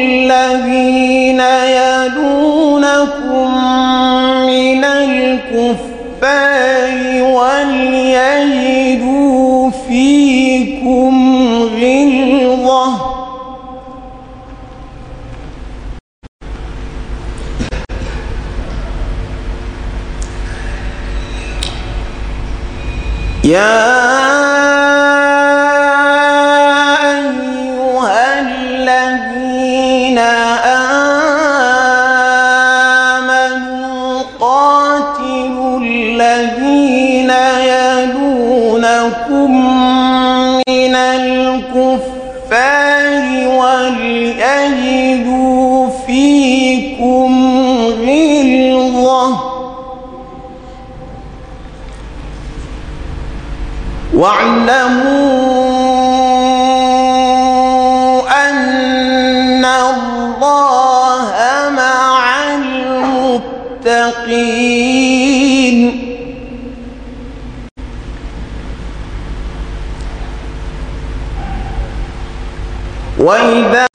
الذين يلونكم من الكفار وليجدوا فيكم غلظة يا واعلموا أن الله مع المتقين وإذا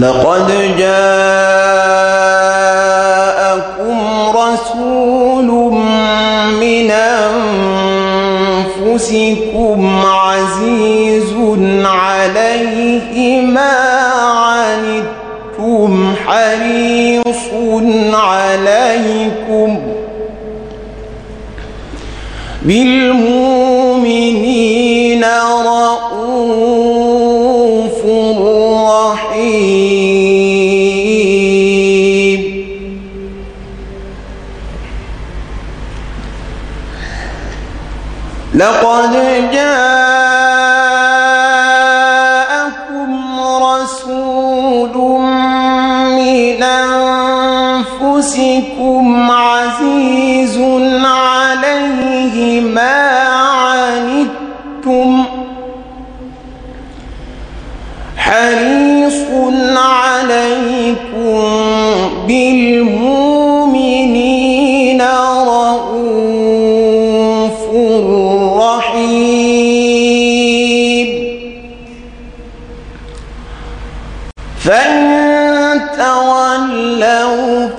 لقد جاءكم رسول من أنفسكم عزيز عليه ما عنتم حريص عليكم بالمؤمنين لقد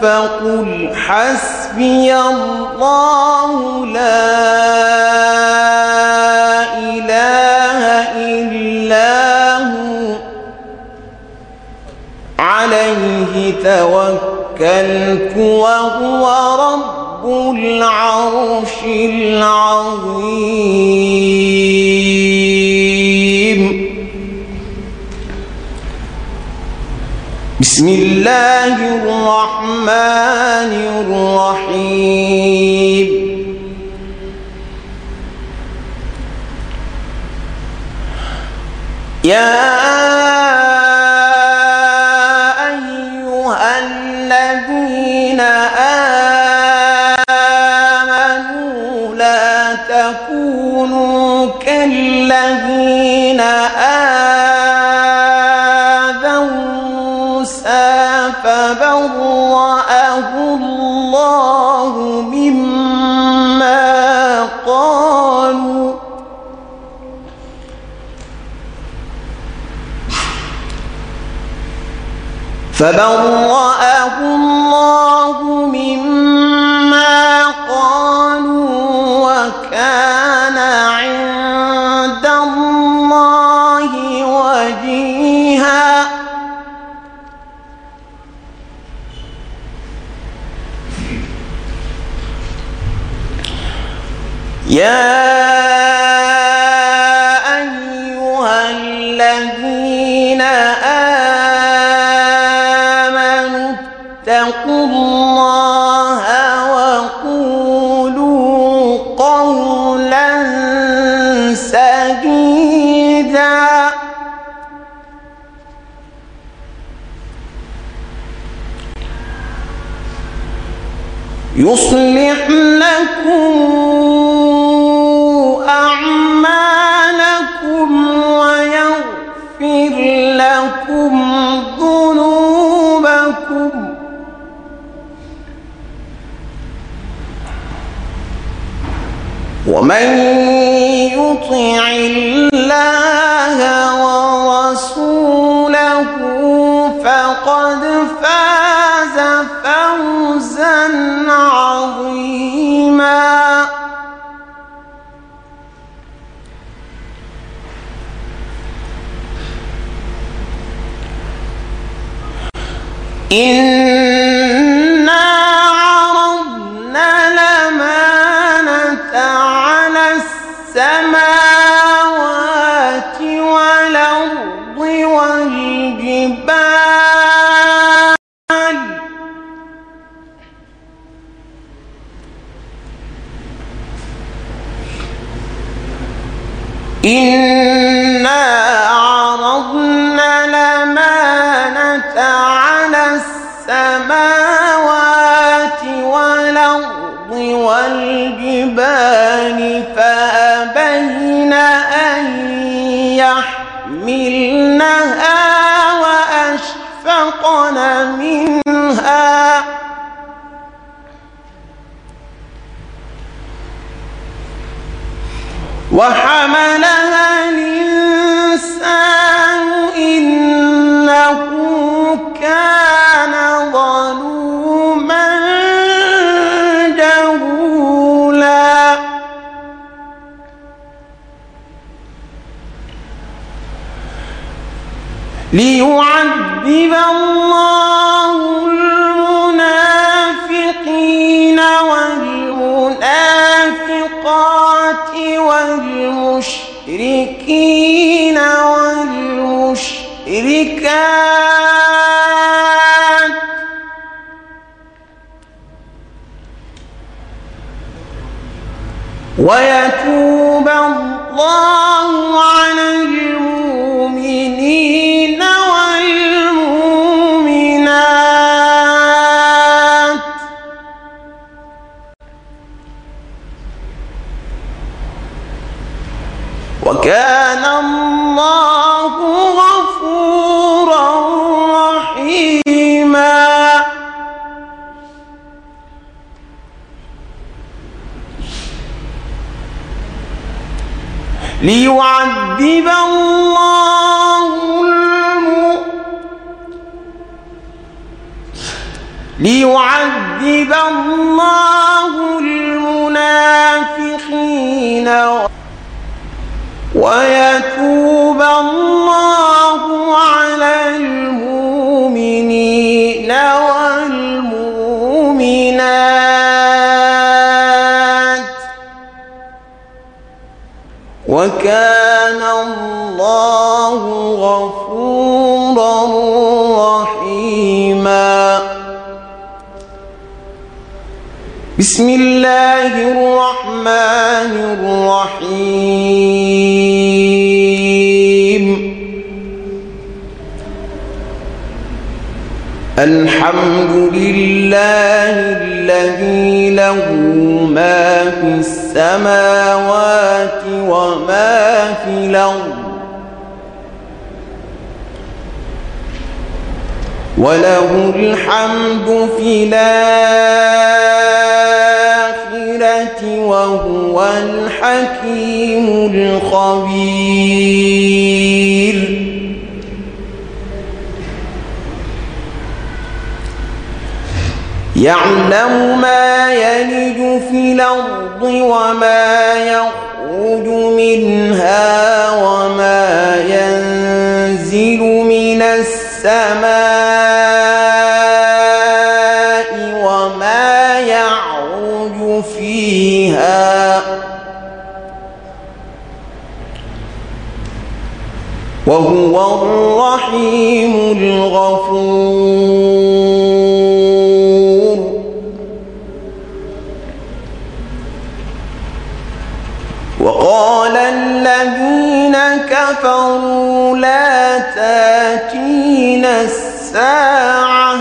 فقل حسبي الله لا إله إلا هو عليه توكلت وهو رب العرش العظيم بسم الله الرحمن الرحيم يا أيها الذين آمنوا لا تكونوا كالذين آمنوا فبرأه الله مما قالوا وكان عند الله وجيها يا من يطع الله ورسوله فقد فاز فوزا عظيما إن إنا عرضنا الأمانة على السماوات والأرض والجبال فأبين أن يحملنها وأشفقن منها وحملها الإنسان إنه كان ظلوما جهولا ليعذب الله والمشركين والمشركات ويتوب الله على وكان الله غفورا رحيما ليعذب الله الم... ليعذب الله المنافقين ويتوب الله على المؤمنين والمؤمنات وكان الله غفورا بسم الله الرحمن الرحيم الحمد لله الذي له ما في السماوات وما في الأرض وله الحمد في الآخرة وهو الحكيم الخبير يعلم ما يلج في الأرض وما يخرج منها وما ينزل من السماء وهو الرحيم الغفور وقال الذين كفروا لا تاتينا الساعة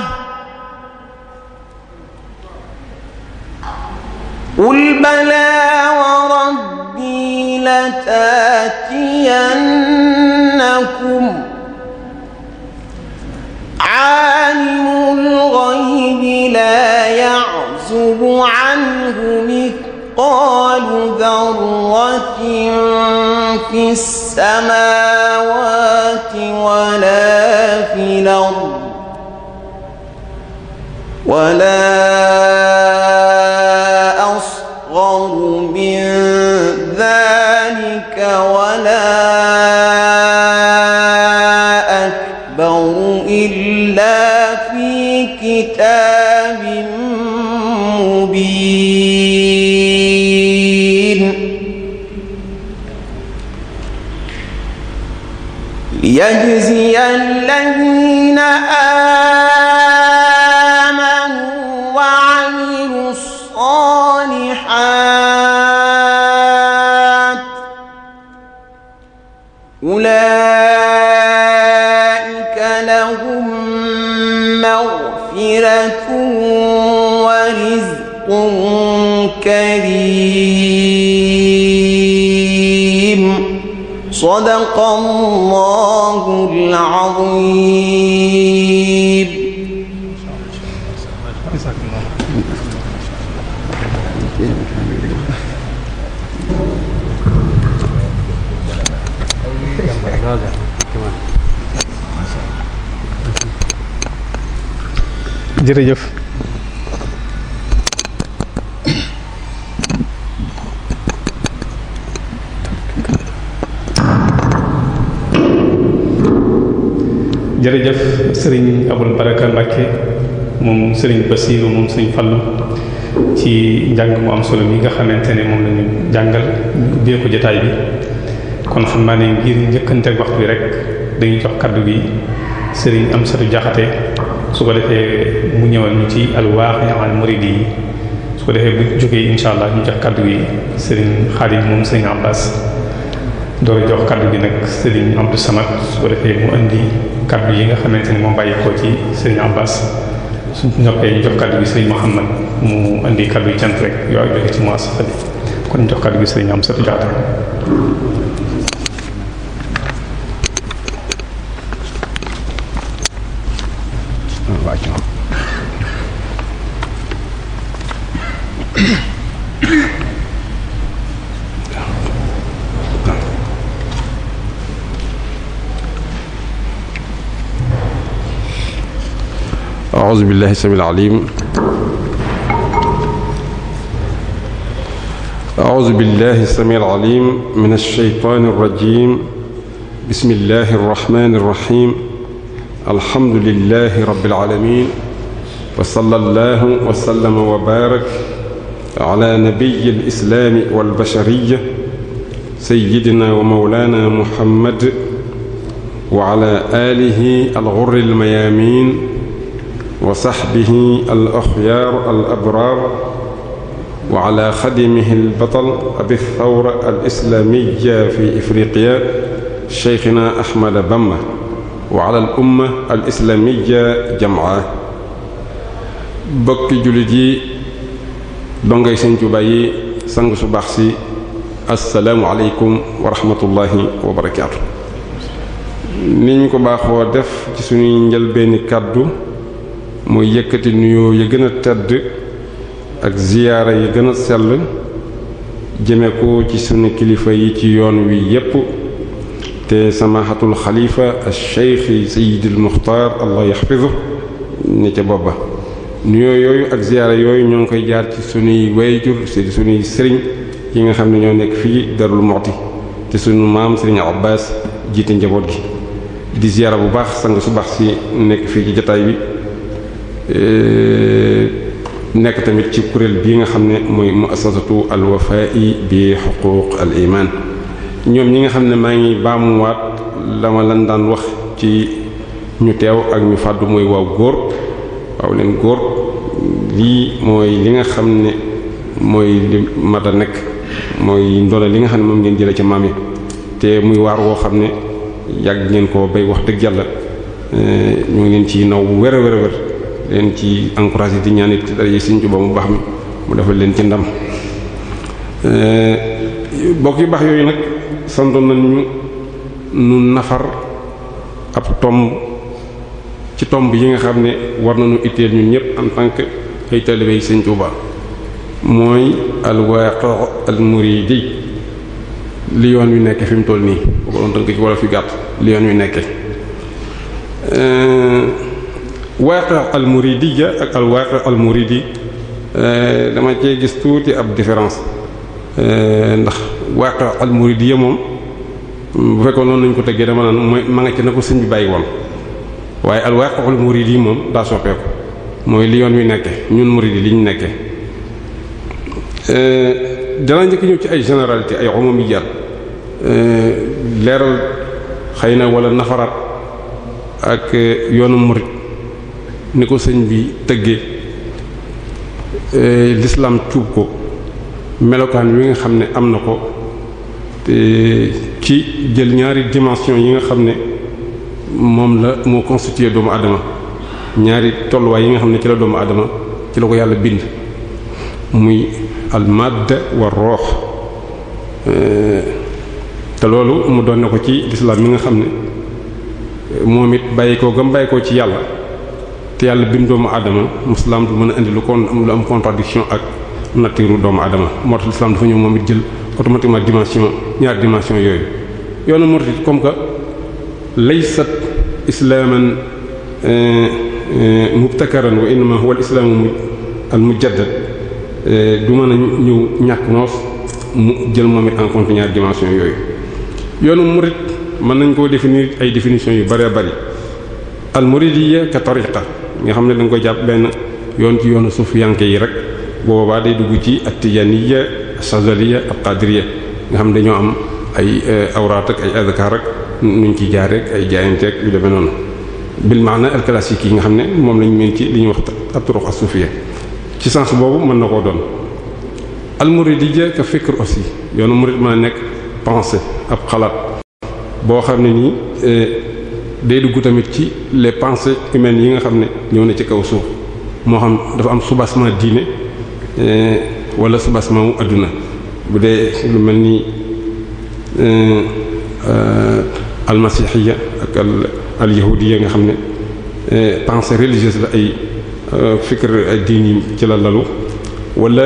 قل بلى وربي لتاتين إنكم عالم الغيب لا يعزب عنه مثقال ذرة في السماوات ولا في الأرض ولا يجزي الذين صدق الله العظيم jërëjëf jërëjëf sëriñ Abul Baraka Mbàkke moom sëriñ Basiiru moom sëriñ Fallu ci njàng mu am solo mi nga xamante ne moom lañu jàngal ubbee ko jotaay bi kon xam naa ne ngir njëkkanteeg waxtu bi rek dañuy jox kaddu bi sëriñ Amsatu Jaxate su ko defee mu ñëwal ci alwaaxi al muridi su ko defee bu incha allah ñu jox kaddu gi sëriñ Xaadim moom sëriñ Abbas door jox kaddu gi nag sëriñ Abdou Samad su ko defee mu indi kaddu yi nga xamante ni moom bàyyeekoo ci sëriñ Abbas suñ noppee ñu jox kaddu gi sëriñ Muhammad mu indi kaddu yi cant rek yooyu jóge ci muassasa bi kon ñu jox kaddu gi sëriñ Amsatu Jaata أعوذ بالله السميع العليم أعوذ بالله السميع العليم من الشيطان الرجيم بسم الله الرحمن الرحيم الحمد لله رب العالمين وصلى الله وسلم وبارك على نبي الإسلام والبشرية سيدنا ومولانا محمد وعلى آله الغر الميامين wa saxbihi al axyaar al abraar wa ala xadimihi al batal abi thawra al islaamiya fi ifriqiya sheykhina Ahmad Bamba wa ala al umma al islaamiya jamaa bokki jullit yi dongay sëñ Tuubaa yi sang su baax si assalaamu aleykum wa rahmatullahi wa barakaatu ni ñu ko baaxoo def ci suñuy njëlbeeni kàddu mooy yëkkati nuyoo ya gën a tedd ak ziyaara yi gën a sell jëme ko ci sunu kilifa yi ci yoon wi yépp te samahatul xalifa al sheikh sayidil muxtaar allah yaxfizu ne ca bopp ba nuyoo yooyu ak ziyaara yooyu ñoo ngi koy jaar ci sunuy wayjur ci sunuy sëriñ yi nga xam ne ñoo nekk fii darul muxti te sunu maam sëriñ abbas jiite njaboot gi di ziyaara bu baax sang su baax nekk fii ci jataay bi nekk tamit ci kuréel bii nga xam ne mooy muassasatu al wafa'i bi xuquuq al iman ñoom ñi nga xam ne maa ngi baamuwaat la ma lan daan wax ci ñu teew ak ñu fàdd mooy waaw góor waaw leen góor lii mooy li nga xam ne mooy li mat a nekk mooy ndola li nga xam ne moom ngeen jëlee ci maam yi te muy waar woo xam ne yàgg ngeen koo bay wax dëgg yàlla ñu leen ci naw wér a wér a leen ci encouragé di ñaan it ci dara yi Sëriñ Tuubaa mu baax mi mu defal leen ci ndam eh, bokk yu baax yooyu nag santoon nañu nu nafar ab tomb ci tomb yi nga xam ne war nañu itteel ñun ñëpp en tant que ay talibé Sëriñ Tuubaa mooy alwaaqo al muridi li yoon wi nekke fi mu toll nii bu ko doon tënk ci wala fi gàtt li yoon wi nekke eh, waaqa al muridiyya ak al waaqa al muridi eh, dama cee gis tuuti ab différence eh, ndax waaqa al muridiyya moom bu fekkoon noonu nañ ko tëggee dama naan mooy ma nga ci na ko sëñ bàyyi woon waaye al waaqa al muridi moom daa soppeeku mooy li yoon wi nekke ñun muridi li ñu nekke eh, danaa njëkk ñëw ci ay généralité ay umumiyat leeral xëy na wala nafaraat ak yoonu murid ni ko sëñ bi tëggee e, l'islam cuub ko melokaan wi nga xam ne am na ko te ci jël ñaari dimension yi nga xam ne moom la moo constitué doomu adama ñaari tolluwaay yi nga xam ne ci la doomu adama ci la ko yàlla bind muy al madda wa roox e, te loolu mu doon ne ko ci lislaam mi nga xam ne moom it bàyyi ko gam bàyyi ci yàlla te yàlla bim doomu adama musalaam du mën a indi lu kon lu am contradiction ak nature doomu aadama moo tax islam dafa ñëw moom it jël automatiquement dimension ñaar dimension yooyu yoonu murid comme que laysat islaaman euh, euh, mubtakaran wa innama huwa al islaamu al euh, mën ñëw ñàkk jël moom it en yooyu yoonu murid mën nañ koo définir ay définition yu bëree bëri al muridiyya ka tariqa nga xam ne dañ ko koy jàpp benn yoon ci yoonu sufiyanke yi rek boobaa day dugg ci at-tijaniyya as-sazaliyya al-qadiriyya nga xam ne dañoo am ay eh, awraat ak ay azkar ak nuñ ci jaaree ak ay jaayanteeg yu demee noonu bil na al-classique yi nga xam ne moom lañ mel ci li ñuy wax at-turuq as-sufiyya ci sens boobu mën na koo doon al-muridiyya ka fikr aussi yoonu murid mën a nekk pensée ab xalaat boo xam ne nii eh, day dugg tamit ci les pensées humaines yi nga xam ne ñëw na ci kaw suuf moo xam dafa am soubassement diine eh, wala soubassement wu adduna bu dee lu mel ni eh, eh, almasihiya ak al nga xam ne pensée religieuse la ay fikr ay diin yi ci la lalu wala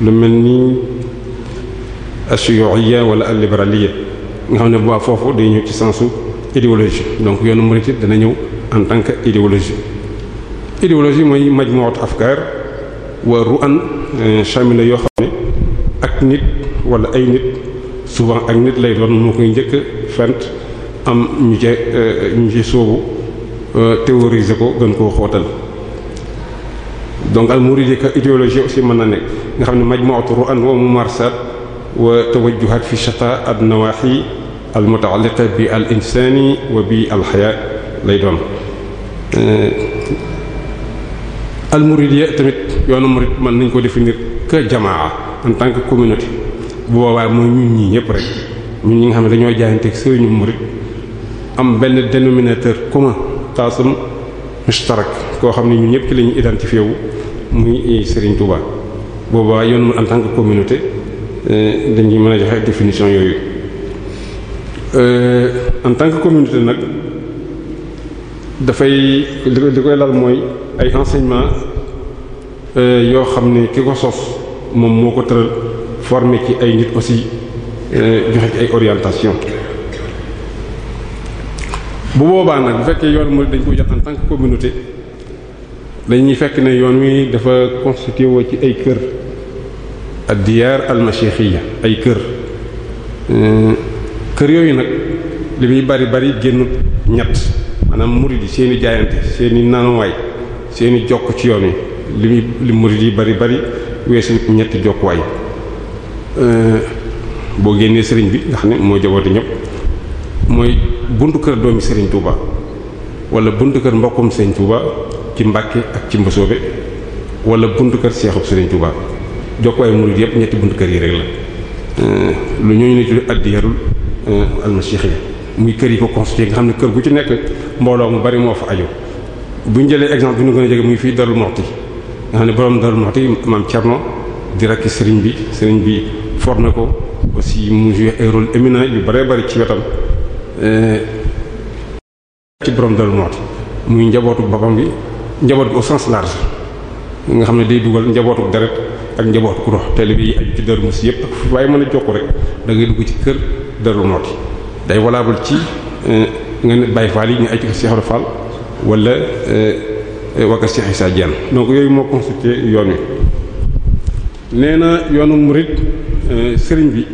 lu mel ni ashuyuiya wala al libéraliya nga xam ne bu baax foofu day ñëw ci sensu idéologie donc yoonu murid dana ñëw en tant que idéologie idéologie mooy majmu'at afkar wa ru'an shamila euh, yoo xam ne ak nit wala ay nit souvent ak nit lay doon moo koy njëkk fent am ñu ci euh, ñu ci soobu euh, ko gën koo xootal donc al muridi ka idéologie aussi mën na nekk nga xam ne majmu'at ru'an wa mumarsat wa tawajjuhat fi shatta ad nawahi al mutaalliqa bi al insaani wa bi al xayaa lay doon al muridiya tamit yoonu murid mën nañ ko définir que jamaa en tant que communauté bu boobaa mooy ñun ñii ñëpp rek ñun ñi nga xam ne dañoo jaayanteeg sëriñu murid am benn dénominateur commun taasum mushtarak koo xam ne ñu ñëpp ci la ñu identifié wu muy Serigne Touba boobaa ma en tant que communauté euh, dañuy mën a joxe définition yooyu. Euh, en tant que communauté nag dafay li koy lal mooy ay enseignement euh, yoo xam ne ki ko sos moom moo ko tëral forme ci ay nit aussi euh, joxe ci ay orientation bu boobaa nag bu fekkee yoon mooy dañ ko jot en tant que communauté dañuy fekk ne yoon wi dafa constitué woo ci ay kër ad-diyar al-mashaykhiyya ay kër kër yooyu nag li muy bari bari génn ñett maanaam murid yi seen i jaayante seen i nanuwaay seen i jokk ci yoon yi li muy yi bari bari weesu ñetti jokkuwaay boo génnee sëriñ bi nga xam ne moo jaboote ñëpp mooy buntu kër doomi sëriñ Touba wala buntu kër mbokkum sëriñ Touba ci Mbàkke ak ci Mbosoobe wala buntu kër seexub sëriñ Touba jokkuwaay murid yëpp ñetti buntu kër yi rek la lu ñooñu ne tudde addiyarul Euh, almasiix yi muy kër yi ko constitué nga xam ne kër gu ci nekk mbooloo mu bari moo fa ajo bu ñu jëlee exemple bi ñu gën a jege muy fii Darou Moukhty nga xam ne borom Darou Moukhty maam Thierno di rakki sëriñ bi sëriñ bi formé ko aussi mu joué ay yu bëree bëri ci wetam euh, ci borom Darou Moukhty muy njabootu boppam bi njaboot bi au sens large nga xam ne day dugal njabootu deret ak njabootu ku rox télé bi aju ci Darou Moukhty yëpp waaye mën a jokku rek da dugg ci kër. dara lu day valable ci euh, nga ne Baye Fall yi ñu ay ci Cheikh Ibra walla wala euh, waka Cheikh Issa Diène donc yooyu moo constitué yoon wi nee na yoonu murid euh, sëriñ bi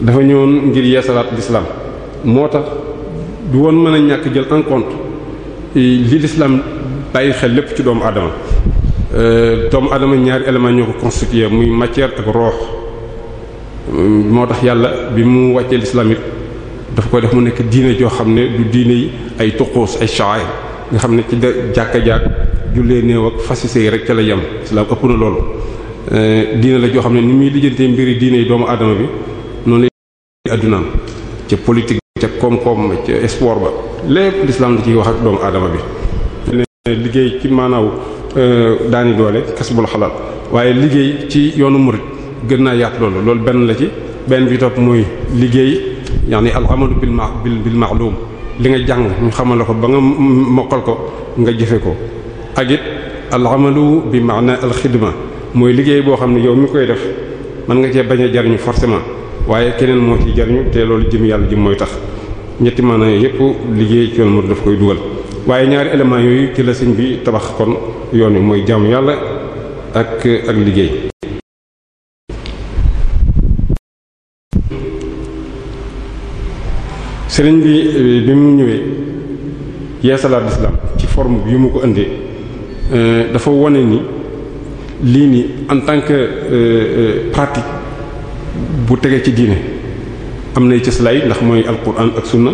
dafa ñëwoon ngir yeesalaat l'islam moo tax du woon mën a ñàkk jël en compte li l'islam bàyyi xel lépp ci doomu adama doomu adama ñaari éléments ñoo ko constitué muy matière ak roox moo tax yàlla bi mu wàccee l'islam it dafa koy def mu nekk diine joo xam ne du diine yi ay tuquus ay sha'air nga xam ne ci da jàkka jàkk jullee néew ak fasise yi rek ca la yem islam ëpp na loolu eh, diine la joo xam ne ni muy lijjantee mbiri diine yi doomu aadama bi noonu lay addunaam ca politique ca koom-koom ca sport ba lépp l'islam da ciy wax ak doomu aadama bi liggéey ci maanaaw eh, daani doole kasbul xalaat waaye liggéey ci yoonu murid gën naa yaatu loolu loolu benn la ci benn bi topp mooy liggéey yaani al amalu bil ma bil ma'lum li nga jàng ñu xamal la ko ba nga mokkal ko nga jëfe ko ak it al amalu bi maana al xidma mooy liggéey boo xam ne yow mi koy def mën nga cee bañ a jariñu forcément waaye keneen moo ci jariñu te loolu jëm yàlla jëm mooy tax ñetti maanaam yépp liggéey ci yoon mu daf koy dugal waaye ñaari éléments yooyu ci la sëñ bi tabax kon yoon wi mooy jaamu yàlla ak ak liggéey sëriñ bi euh, bi mu ñëwee yeesalaat lislaam ci forme bi mu ko indee euh, dafa wone ni lii nii en tant que euh, pratique bu tegee ci diine am nay cëslaay ndax mooy alquran ak sunna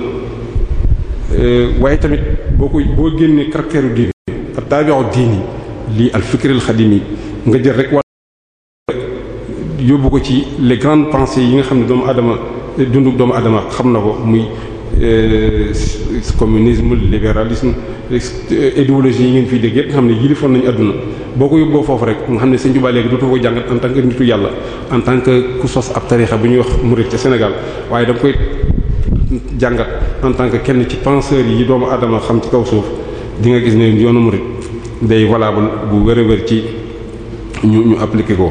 waaye tamit boo ko boo génnee caractère yu diine ak taabiru diini lii al fikril xadimi nga jël rek wàll yóbbu ko ci les grande pensées yi nga xam ne doomu adama dundu doomu adama xam na ko muy Euh, communisme libéralisme euh, idéologie yi ngeen fiy dégg yépp nga xam ne yilifoon nañu àdduna boo ko yóbboo foofu rek nga xam ne sëñ Tuubaa léegi dootu ko jàngat en tant que ku sos ab tarixa bu ñuy wax murid ca Sénégal waaye dama koy jàngat en tant que kenn ci penseurs yi doomu aadama xam ci kaw suuf dinga gis ne yoonu murid day valable bu wér a wér ci ñu ñu appliquer ko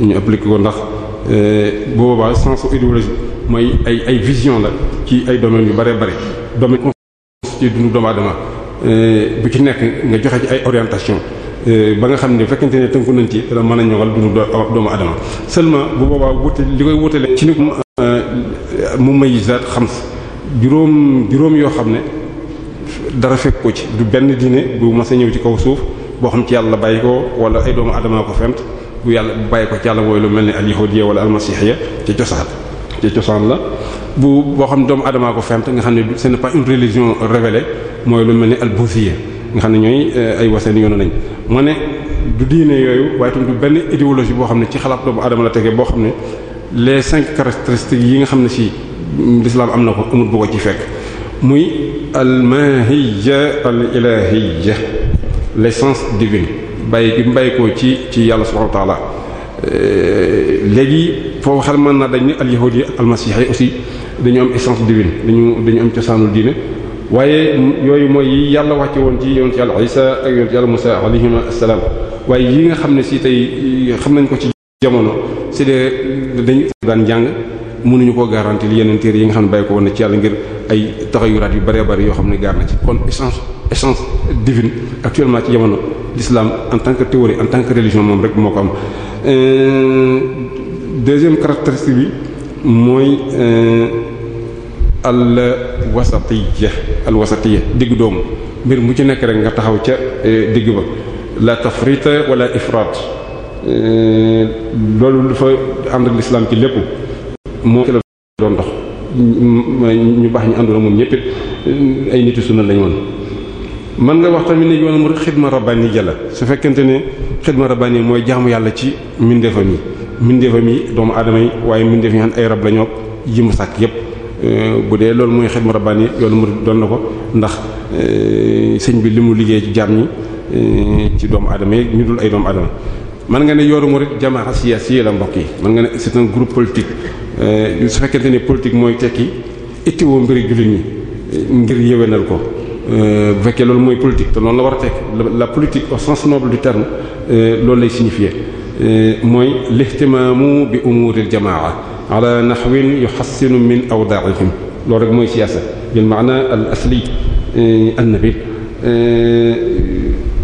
ñu appliquer ko ndax Euh, bu boobaa sens idéologique mooy ay ay vision la ci ay domaines yu bare bare domaine ci dundu doomu aadama euh, bu ci nekk nga joxe ci ay orientation euh, ba nga xam ne fekkente ne tënku nañ ci dana mën a ñoŋal dundu doomu aadama seulement bu boobaa wute li koy wutalee ci ni mu mayizaat xam juróom juróom yoo xam ne dara fekk ko ci du benn diine bu ma sa ñëw ci kaw suuf boo xam ci yàlla bàyyi ko wala ay doomu aadama ko fent bu yàlla bu bàyyi ko ci yàlla mooy lu mel ni al yahudiyya wala al masihiyya ci cosaan ci cosaan la bu boo xam ne doomu aadamaa ko fent nga xam ne ce n'est pas une religion révélée mooy lu mel ni al buusiyya nga xam ne ñooy euh, ay waseen yoonu nañ moo ne du diine yooyu waaye tamit du benn idéologie boo xam ne ci xalaat doomu aadama la tegee boo xam ne les cinq caractéristiques yi nga xam ne si l'islam am na ko amul bu ko ci fekk muy al mahiyya al ilahiyya l'essence divine bay gi mu bay ko ci ci yàlla subhanahu wa ta'ala eh, léegi foofu xel mën na dañ ne al-yahud yi al-masih yi aussi dañu am essence divine dañu dañu am cosaanul diine waaye yooyu mooy yi yàlla wax wàcce woon ci yonent yàlla Isa ak yonent yàlla Musa alayhim assalaam waaye yi nga xam ne si tey xam nañ ko ci jamono si de dañu daan njàng mënuñu koo garantir yeneen téere yi nga xam ne bàyyi ko woon na ci yàlla ngir ay taxayuraat yu bare bare yoo xam ne gaar na ci kon essence essence divine actuellement ci jamono l'islam en tant que théorie en tant que religion moom rek moo ko am euh, deuxième caractéristique bi mooy euh, al wasatiyya al wasatiyya digg doomu mbir mu ci nekk rek nga taxaw ca euh, digg ba la tafrita wala ifrat loolu dafa ànd ak l'islam ci lépp moo ci la doon dox ñu baax ñu àndoon moom ñëpp ay nit yu sunna lañu woon man nga wax tamit ne yoonu murid xidma rabbani jala su fekkente ne xidma rabbani mooy jaamu yàlla ci mbindeefam yi mbindeefam yi doomu aadama yi waaye mbindeef yi xam ay rab lañoo ñoo yi mu sàkk yépp euh, bu dee loolu mooy xidma rabbani yoonu murid doon na ko ndax euh, sëñ bi li mu liggéey ci jaam ñi euh, ci doomu aadama yi ñu dul ay doomu aadama mën nga ne yoonu murid jamaa siyaasi la mbokk yi mën nga ne c'est un groupe politique su fekkente ne politique mooy tekki ittiwoo mbiri jullit ñi ngir ko Euh, bu fekkee loolu mooy politique te noonu la war a tekk la politique au sens noble du terme euh, loolu lay signifier euh, mooy l'ihtimaamu bi umuuril jamaa ala nahwin yuhassinu min awdaa'ihim loolu rek mooy siyaasa bil maana al asli an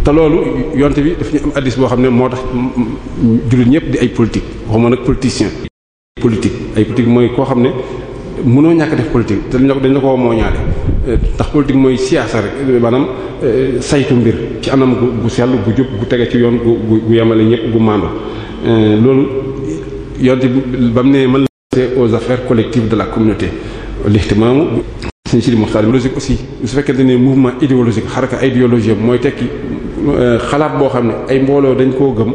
te loolu yonte bi daf ñu am addis boo xam ne moo tax jullit ñëpp di ay politique waxuma nag politicien politique ay politique mooy koo xam ne munoo ñàkk def politique te dañ la ko moo ñaale eh, ndax politique mooy siyaasa rek eh, maanaam eh, saytu mbir ci anam gu gu sell gu jub gu tege ci yoon gu gu yemale ñëpp gu maandu loolu yonte ba mu ne mën la aux affaires collectives de la communauté lihtimaamu sëñ Sidi Mokhtar logique aussi su fekkente ne mouvement idéologique xaraka idéologie mooy tekki xalaat boo xam ne ay mbooloo dañ koo gëm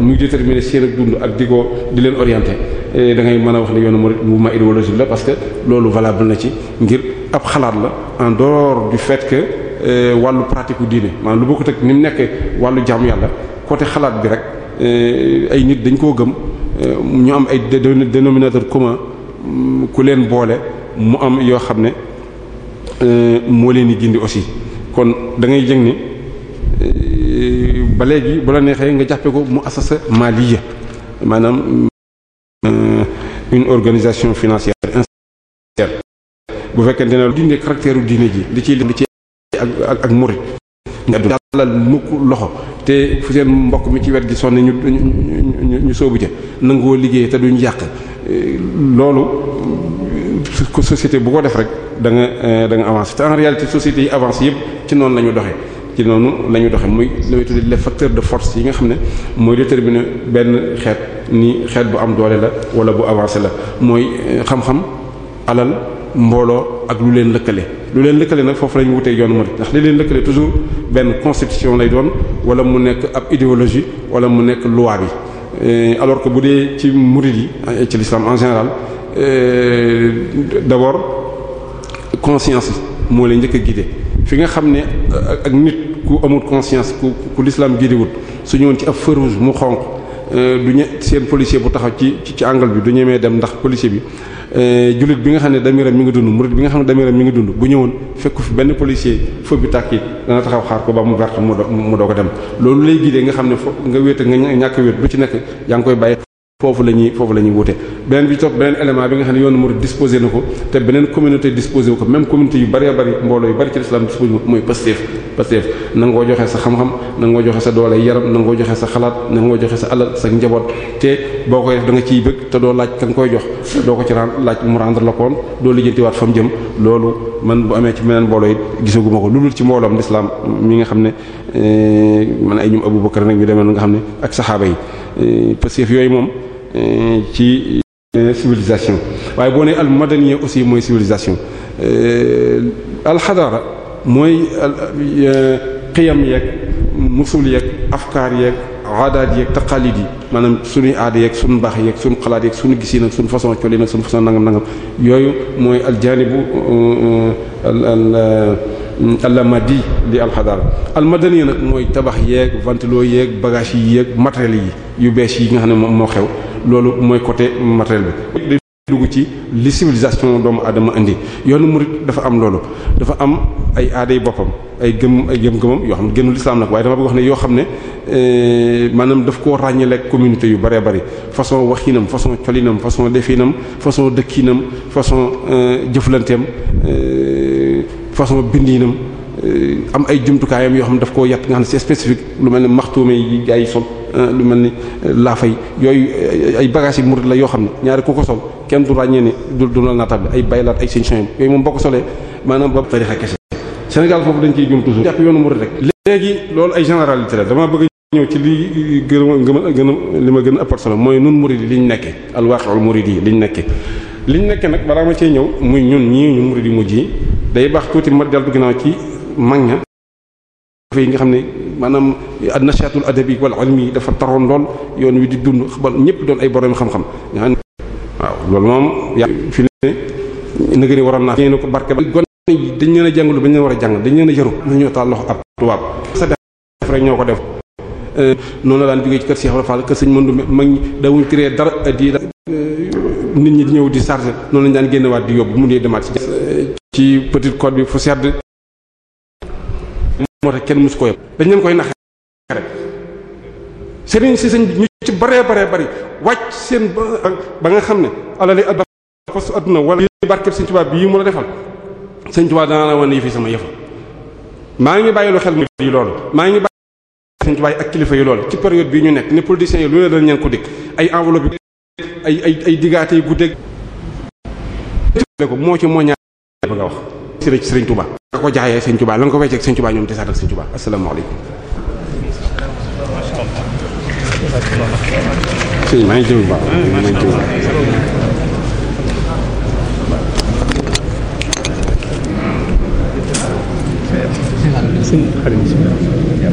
muy déterminer seen ak dund ak di ko di leen orienté eh, dangay mën a wax ne yoonu murid mouvement idéologique la parce que loolu valable na ci ngir ab xalaat la en dehors du fet que eh, wàllu pratique u diine maanaam lu ko teg ni mu nekkee wàllu jaamu yàlla côté xalaat bi rek eh, ay nit dañ koo gëm ñu am ay dénominateur comment mm, ku leen boole mu am yoo xam ne moo leen di gindi aussi kon da ngay jëg ni ba léegi bu la neexee nga jàppee ko mu assasa maliya maanaam euh, une organisation financière institutionnelle bu fekkente ne dindee caractère diine ji li ciy li ci ak ak murid nga du mukk loxo te fu seen mbokk mi ci wet gi sonne ñu ñu ñu soobu ca nangoo liggéey te duñ yàq loolu société bu ko def rek da nga euh, da nga avancer te en réalité société yi avance yëpp ci noonu la ñu doxee ci noonu la ñuy doxee muy li may tuddee les de force yi nga xam ne mooy déterminer benn xeet ni xeet bu am doole la wala bu avancé la mooy eh, xam-xam alal mbooloo ak lu leen lëkkale. lu leen lëkkale nag foofu la ñu wutee yoonu Mouride ndax li leen lëkkale toujours benn conception lay doon wala mu nekk ab idéologie wala mu nekk loi bi eh, alors que bu dee ci Mouride yi eh, ci l'islam en général d'abord conscience moo leen njëkk a guider fi nga xam ne euh, ak nit ku amul conscience ku ku l'islam jiriwut su ñëwoon ci ab feu rouge mu xonq euh, du ñe seen policier bu taxaw ci ci angle bi du ñemee dem ndax policier bi euh, jullit bi nga xam ne damiram mu ngi dund murid bi nga xam ne damiram mi ngi dund bu ñëwoon fekku fi benn policier feu bi tàkk it dana taxaw xaar ko ba mu vert mu doo ko dem loolu lay gidee nga xam ne fo nga wéet ak nga ñàkk wéet bu ci nekk yaa ngi koy bàyyi foofu la ñuy foofu la ñuy wute beneen bi beneen élément bi nga xam ne yoon murid disposé na ko te beneen communauté disposé wu ko même communauté yu bari bari mbooloo yu bari ci l'islam disposé mooy Pastef Pastef nangoo joxe sa xam-xam nangoo joxe sa doole yaram nangoo joxe sa xalaat nangoo joxe sa alal sa njaboot te boo koy def da nga ciy bëgg te doo laaj ka nga koy jox doo ko ci rendre laaj mu rendre la compte doo lijjantiwaat fa mu jëm loolu man bu amee ci beneen mbooloo it gisaguma ko lu ci mbooloom l'islam mi nga xam ne eh, man ay ñum Abubakar nag ñu demee nga xam ne ak saxaaba yi Euh, Pastef yooyu moom euh, ci civilisation waaye boo ne al madaniya aussi mooy civilisation euh, alxadaara mooy xiyam yeeg musul yeeg afkaar yeeg aadaat yeeg taqalid yi maanaam suñuy aada yeeg suñu mbaax yeeg suñu xalaat yeeg suñu gis yi nag suñu façon colin nag suñu façon nangam nangam yooyu mooy aljanibu al al almadani di alxadaar almadani nag mooy tabax yeeg ventilo yeeg bagage yi yéeg matériel yi yu bees yi nga xam ne moom moo xew loolu mooy côté matériel bi dugg ci li civilisation doomu aadama indi yoonu murid dafa am loolu dafa am ay aaday boppam ay gëm ay gëm-gëmam yoo xam ne génnul islam nag waaye dama bëgg wax ne yoo xam ne eh, maanaam daf ko koo ràññaleeg communité yu bëree bëri façon waxinam façon colinam façon definam façon dëkkinam façon euh, jëflanteem euh, façon bindiinam euh, am ay jumtukaayam yoo xam ne daf ko yat nga xam ne c'est spécifique lu mel ni maxtuume yi gaa sol euh, lu mel ni euh, laafay yooyu ay bagages yi murid la yoo xam ne ñaari ku ko sol kenn du ràññee ni du du la naatable ay baylaat ay seen changement yooyu moom boo ko solee maanaam ba tarixa kese. Sénégal foofu dañ ciy jum yoonu murid rek. léegi loolu ay généralité la bëgg ñëw ci li gën a gën a li ma gën a apporté solo mooy nun murid yi liñ nekkee al waaqi'ul murid yi liñ nekkee liñ nekke nag balaa ma cee ñëw muy ñun ñii ñu murid yi mujj yi day baax tuuti ma dellu ginnaaw ci mag ña dafa nga xam ne maanaam an-nashaatul adabi wal mi dafa taroon lool yoon wi di dund ba ñëpp doon ay boroomi xam-xam waaw loolu moom yaa fi ne na gën a waroon naa ñeen ko barke ba gone yi dañ leen a jàngul bañ leen war a jàng dañ leen a yaru ñu ñoo taal loxo ab tubaab sa def rek ñoo ko def euh, noonu la daan jógee ci kër Cheikh Fall kër sëñ mëndu mag ñi dawuñ créer dara di nit ñi di ñëw di charger noonu lañu daan génnewaat di yóbbu mu ne demaat ci. ci petite côte bi fu sedd. moo tax kenn mësu ko yóbbu dañ leen koy naxee rek si sëñ ci baree baree bari wàcc seen ba nga xam ne alal alba fas adduna wala yi barkeb sëñ Tuubaa bii mu la defal sëñ Tuubaa danaa la wane yëfi sama yëfa maa ngi bàyyi lu xel mu yi loolu maa ngi bàyyi sëñ Tuubaa ak kilifa yi loolu ci période bii ñu ne politiciens yi lu ne ko dikk ay enveloppe ay ay ay digaate yu guddeeg. ko moo ci moo ñaar bëgg wax. sëriñ sëriñ Touba. nga ko jaayee sëriñ Touba la ko wecceeg sëriñ Touba ñoom desaat ak sëriñ Touba asalaamaaleykum.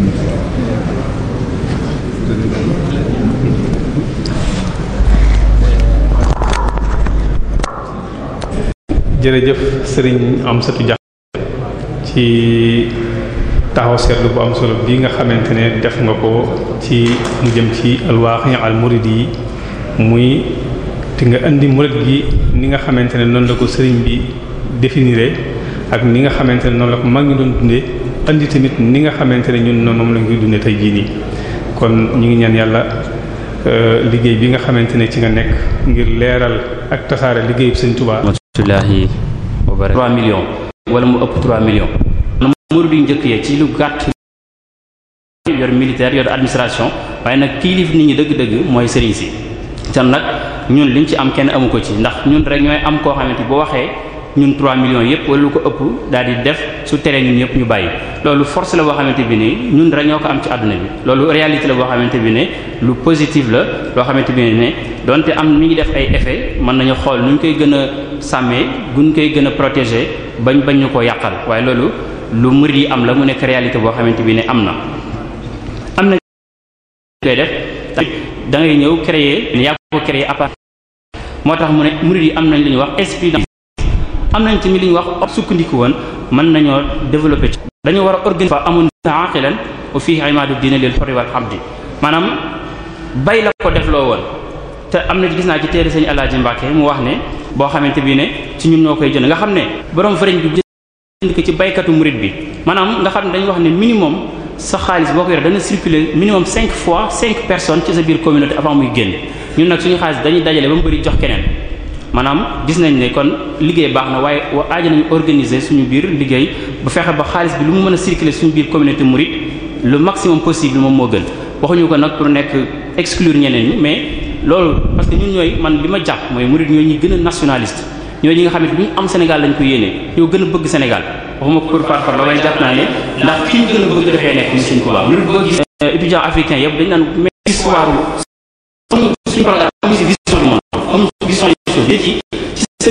sëñ jërëjëf sëriñ Amsatou Diakhaté ci taxaw seetlu bu am solo bi nga xamante ne def nga ko ci mu jëm ci alwaaxi al murid yi muy te nga indi murid gi ni nga xamante ne noonu la ko sëriñ bi définiré ak ni nga xamante ne noonu la ko mag ñi doon dundee indi tamit ni nga xamante ne ñun noonu moom la ngi dundee tey jii nii kon ñu ngi ñaan yàlla euh, liggéey bi nga xamante ne ci nga nekk ngir leeral ak tasaare liggéeyu Sëriñ Tuubaa rahmatullahi wa barakatuh 3 million wala mu ëpp 3 millions murid yu njëkk yee ci lu gàtt yor militaire yor administration waaye nag kilif nit ñi dëgg-dëgg mooy sëriñ si tan nag ñun liñ ci am kenn amu ko ci ndax ñun rek ñooy am koo xamante boo waxee ñun 3 millions yëpp wala lu ko ëpp daal di def su teree ñun ñëpp ñu bàyyi loolu force la boo xamante bi ne ñun rek ñoo ko am ci àdduna bi loolu réalité la boo xamante bi ne lu positif la loo xamante bi ne donte am mi ngi def ay effet mën nañu xool nu ñu koy gën a sàmmee guñ koy gën a protéger bañ bañ ñu koo yàqal waaye loolu lu murid yi am la mu nekk réalité boo xamante bi ne am na am na koy def da ñëw créer yaa ko créer à part moo tax mu ne murid am nañ lu ñuy wax esprit am nañ tamit li ñu wax sukkandiku woon mën nañoo développer ci dañu war a organiser fa amun aqilan wa fihi imadu diina lil hurri wal abdi maanaam bay la ko def loo woon te am na gis naa ci téere sëñ Alaaji Mbàkke mu wax ne boo xamante bi ne ci ñun ñoo koy jënd nga xam ne borom fariñ bi jënd ko ci baykatu murid bi maanaam nga xam ne dañu wax ne minimum sa xaalis boo ko yore dana circuler minimum cinq fois cinq personnes ci sa biir communauté avant muy génn ñun nag suñu xaalis dañuy dajale ba mu bëri jox keneen maanaam gis nañ ne kon liggéey baax na waaye aajo nañu organiser suñu biir liggéey bu fexe ba xaalis bi lu mu mën a circuler suñu biir communauté mouride le maximum possible moom moo gën waxuñu ko nag pour nekk exclure ñeneen ñi mais loolu parce que ñun ñooy man bi ma jàpp mooy murid ñoo ñi gën a nationaliste ñooy ñi nga xam ne lu ñu am Sénégal lañ ko yéene ñoo gën a bëgg Sénégal waxuma ko pour par rapport waaye jàpp naa ne ndax ki ñu gën bëgg dafay nekk Sëriñ euh, yëpp dañ naan mais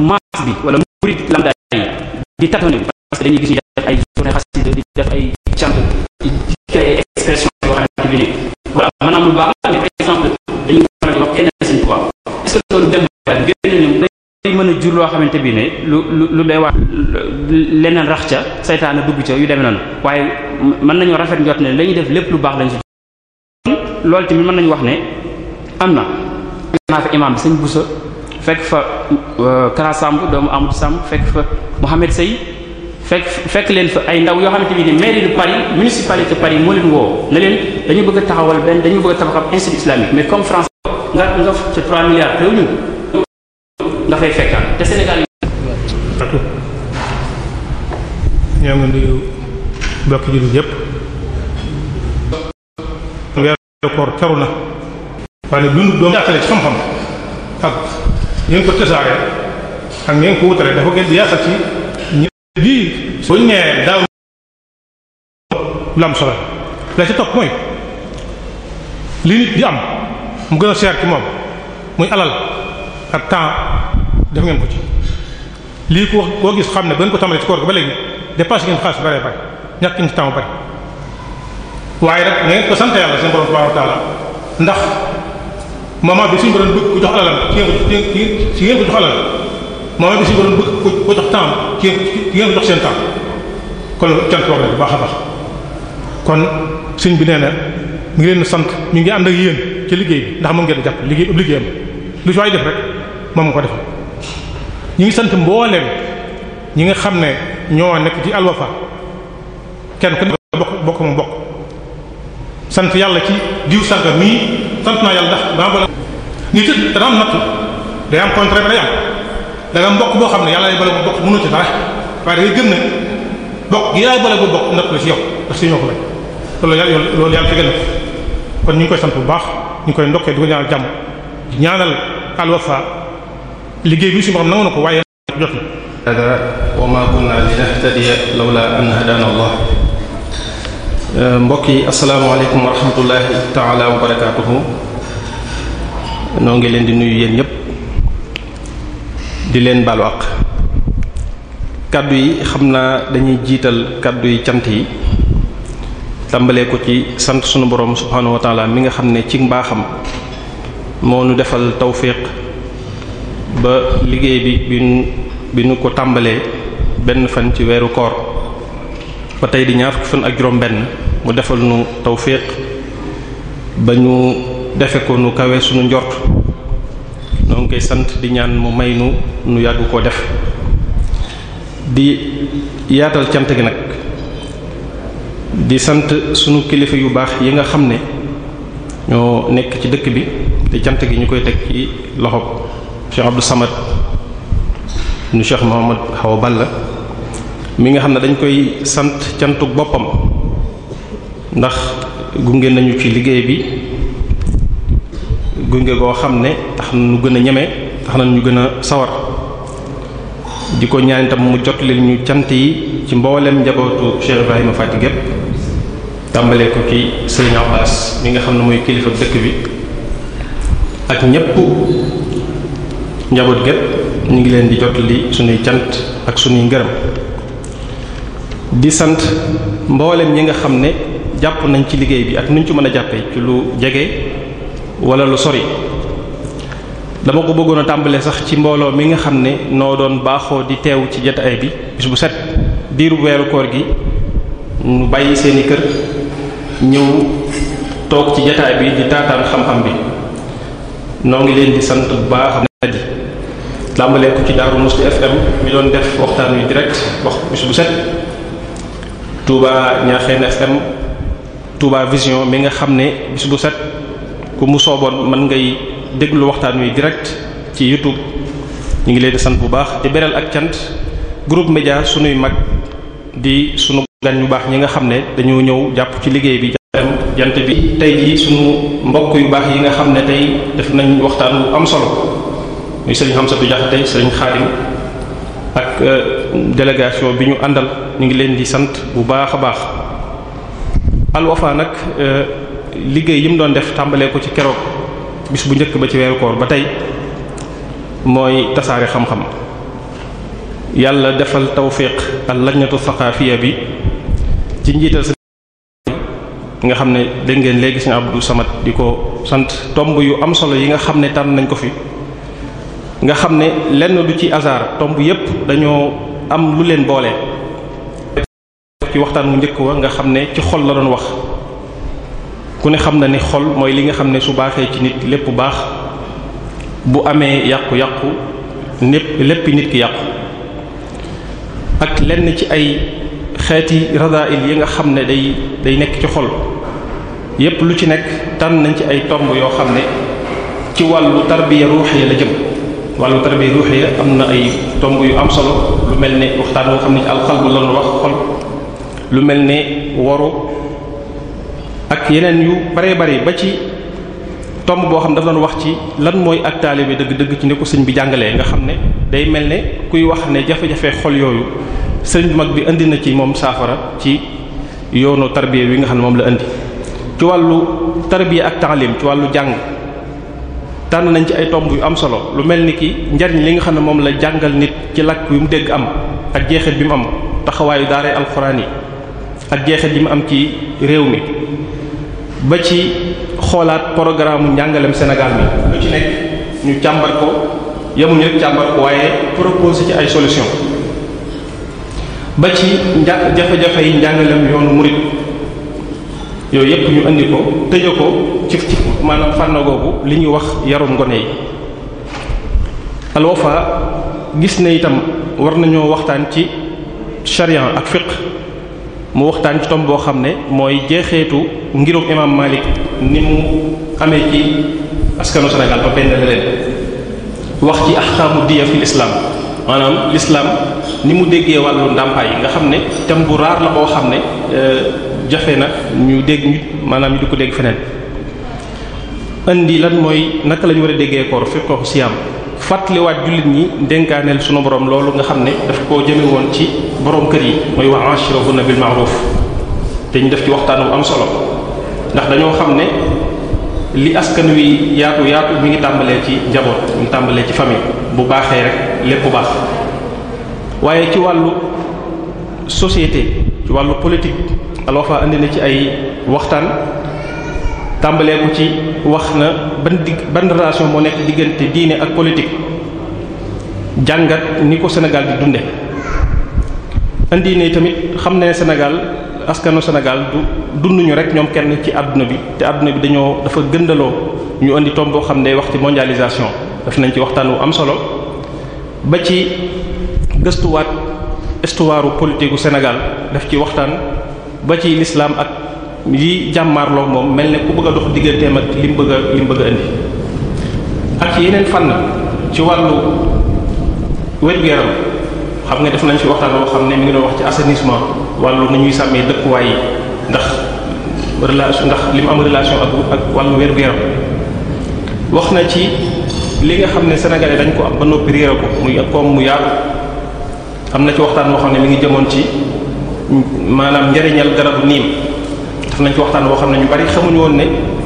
masse bi wala murid lambda que dañuy gis ñu def ay journée xasida di def bi ne voilà maanaam baax la a wax kenn seen quoi est-ce que loolu dem génn mën a jur loo xamante bi ne lu lu lu day wax leneen rax ca saytaana dugg ca yu demee noonu waaye mën nañoo rafet njort ne lañuy def lépp lu baax lañ si loolu tamit mën nañu wax ne am na naa fa imaam bi sëñ Bousso fekk fa euh, Kara Samb doomu Amadou Samb fekk fa Mohamed Sey fekk fekk leen fa ay ndaw yoo xamante bi ne mairie de Paris municipalité Paris moo leen woo na leen dañu bëgg a taxawal benn dañu bëgg a tabax ab mais comme France nga nga ca 3 milliards réew ñu nga fay fekkaan te Sénégal ñoo ngi nuyu mbokki jullit yépp weeru koor teru na dund doom jàkkale ci xam-xam ñu ngi ko tasaare ak ñu ngi ko gën li am mu gën a seer ci moom muy alal ak temps def ngeen ko ci lii ko koo gis xam ne ba ko tàmbalee ci koor gi ba léegi dépassé ngeen xaalis bare bare ñàkk ngeen ci temps bari waaye rek ngeen ko sant yàlla seen borom subhanahu wa ndax moment bi suñu borom bëgg ku jox alalam ki si ko jox alalam moment bi suñu borom bëgg ko jox temps ki ngeen ko jox seen temps kon cant wax na bu baax a baax kon sëñ bi nee na mi ngi sant ñu ngi ànd ak ci liggéey bi ndax moom ngeen jàpp liggéey liggéeyam lu ci waay def rek ko defal ñu ngi sant mbooleem ñi nga xam ne ñoo nekk ci alwafa kenn ku nekk yàlla ci diw sànga mii sant naa yàlla ndax dama boole nit it dana am nattu day am mbokk boo xam ne yàlla lay boole bu bokk mënu ci dara waaye da ngay ne bokk gi yaay boole bu bokk nattu la ci yow ndax si ko may loolu yàlla loolu yàlla tegal na kon ñu ngi koy sant bu baax ñu ngi koy ndokkee di ko ñaanal jàmm di ñaanal Al Wafa liggéey bi su ma xam ko waaye jot na. wa ma kunna linahtadiya lawla an hadana Allah Euh, mbokk yi asalaamaaleykum wa rahmatullahi taala wa barakaatuhu noo ngi leen di nuyu yéen ñëpp di leen baalu àq kàddu yi xam naa dañuy jiital kàddu yi cant yi tàmbalee ko ci sant sunu borom subhaanahu wa mi nga xam ne ci mbaaxam moo nu defal tawfiq ba liggéey bi bi nu ko tàmbalee benn fan ci weeru koor ba tey di ñaar fukki fan ak juróom-benn mu defal nu tawfiq ba ñu defe ko nu kawe suñu njort noo koy sant di ñaan mu may nu nu yàgg koo def di yaatal cant gi nag di sant sunu kilifa yu baax yi nga xam ne ñoo nekk ci dëkk bi te cant gi ñu koy teg ci loxob Cheikh Abdou Samad nu Cheikh Mohammed Hawa Balla mi nga xam ne dañ koy sant cantuk boppam ndax gunge nañu ci liggéey bi gunge goo xam ne tax na ñu gën a ñeme tax na ñu gën a sawar di ko ñaan itam mu jot leen ñu cant yi ci mboolem njabootu Cheikh Ibrahima Faty gépp tàmbalee ko ci Serigne Abbas mi nga xam ne mooy kilifa dëkk bi ak ñépp njaboot gépp ñu ngi leen di jot li suñuy cant ak suñuy ngërëm di sant mboolem ñi nga xam ne jàpp nañ ci liggéey bi ak nuñ ci mën a jàppee ci lu jege wala lu sori dama ko bëggoon a tàmbalee sax ci mbooloo mi nga xam ne noo doon baaxoo di teew ci jotaay bi bis bu set diiru weeru koor gi ñu bàyyi seeni kër ñëw toog ci jotaay bi di taataan xam-xam bi noo ngi leen di sant bu baax nadi tàmbalee ko ci Darou Moukhty FM mi doon def waxtaan wi direct wax bis bu set Touba Niassène FM Touba Vision mi nga xam ne bis bu set ku mu sooboon mën ngay déglu waxtaan wi direct ci YouTube ñu ngi leen di sant bu baax di beral ak cant groupe média sunuy mag di sunu gan yu baax ñi nga xam ne dañoo ñëw jàpp ci liggéey bi jant bi tey jii sunu mbokk yu baax yi nga xam ne tey def nañ waxtaan wu am solo muy sëriñ Hamsatu Jaxate sëriñ Xaadim ak euh, délégation bi ñu àndal ñu ngi leen di sant bu baax a baax Al Wafa nag euh, liggéey yi mu doon def tàmbalee ko ci keroog bis bu njëkk ba ci weeru koor ba tey mooy tasaare xam-xam yàlla defal tawfiq al lajnatu saqafiya bi ci njiital sa nga xam ne dégg ngeen léegi Sëriñ Abdou Samad di ko sant tomb yu am solo yi nga xam ne tànn nañ ko fi nga xam ne lenn du ci hasard tomb yépp dañoo am lu leen boole. waxtaan wu njëkk wa nga xam ne ci xol la doon wax ku ne xam na ni xol mooy li nga xam ne su baaxee ci nit lépp baax bu amee yàqu-yàqu népp lépp nit ki yàqu ak lenn ci ay xeeti radail yi nga xam ne day day nekk ci xol yépp lu ci nekk tànn nañ ci ay tomb yoo xam ne ci wàllu tarbiya ruuxiya la jëm wàllu tarbiya ruuxiya am na ay tomb yu am solo lu mel ne waxtaan boo xam ne ci alxalbu la doon wax xol lu mel ne waru ak yeneen yu bare bare ba ci tomb boo xam ne dafa doon wax ci lan mooy ak taalibe dëgg-dëgg ci ne ko sëñ bi jàngalee nga xam ne day mel ne kuy wax ne jafe-jafe xol yooyu sëñ bi mag bi indi na ci moom saafara ci yoonu tarbiya wi nga xam ne moom la indi ci wàllu tarbiya ak taalim ci wàllu jàng tànn nañ ci ay tomb yu am solo lu mel ni ki njariñ li nga xam ne moom la jàngal nit ci làkk yu mu dégg am ak jeexit bi mu am taxawaayu daaree alxuraan yi ak jeexit bi mu am ci réew mi ba ci xoolaat programme njàngalem Sénégal mi lu ci nekk ñu càmbar ko yemuñu rek càmbar ko waaye proposé ci ay solution ba ci nja jafe-jafe yi yoonu murid yooyu yëpp ñu indi ko tëje ko ci ci maanaam fànn googu li ñuy wax yarum ngone yi Al gis na itam war nañoo waxtaan ci charian ak fiqh mu waxtaan ci tom boo xam ne mooy jeexeetu ngirum imam Malik ni mu amee ci askanu Sénégal ba benn leen wax ci ahkaamu diya fil islaam maanaam lislaam ni mu déggee wàllu ndàmpaay yi nga xam ne thème bu la boo xam ne euh, jafe na ñu dégg maanaam ñu di ko dégg feneen indi lan mooy naka la ñu war a déggee koor fiqhu siyam fàttaliwaat jullit ñi dénkaaneel sunu boroom loolu nga xam ne daf koo jëme woon ci boroom kër yi mooy wax ashiruhunna bil ma'ruf te ñu def ci waxtaan wu am solo ndax dañoo xam ne li askan wi yaatu yaatu mi ngi tàmbalee ci njaboot ñu ngi tàmbalee ci famille bu baaxee rek lépp bu baax waaye ci wàllu société ci wàllu politique alors fa indi na ci ay waxtaan tàmbalee ko ci wax na ban di ban moo nekk diggante diine ak politique jàngat ni ko Sénégal di dunde indi ne tamit xam ne Sénégal askanu Sénégal du dunduñu rek ñoom kenn ci àdduna bi te àdduna bi dañoo dafa gëndaloo ñu indi tomb boo xam ne wax ci mondialisation def nañ ci waxtaan wu am solo ba ci gëstuwaat histoire politique gu Sénégal daf ci waxtaan ba ci l'islam ak yi jàmmaarloo moom mel ne ku bëgg a dox digganteem ak li mu bëgg a li mu bëgg a indi ak yeneen fànn ci wàllu wér gu xam nga def nañ ci waxtaan boo xam ne mi ngi wax ci assainissement wàllu nu ñuy sàmmee dëkkuwaay yi ndax relation ndax li mu am relation ak ak wàllu wér gu wax na ci li nga xam ne sénégalais dañ ko am ba noppi réer ko muy koom mu yaatu am na ci waxtaan woo xam ne mi ngi jëmoon ci maanaam njariñal garabu niim def nañ waxtaan boo xam ne ñu bari xamuñu ne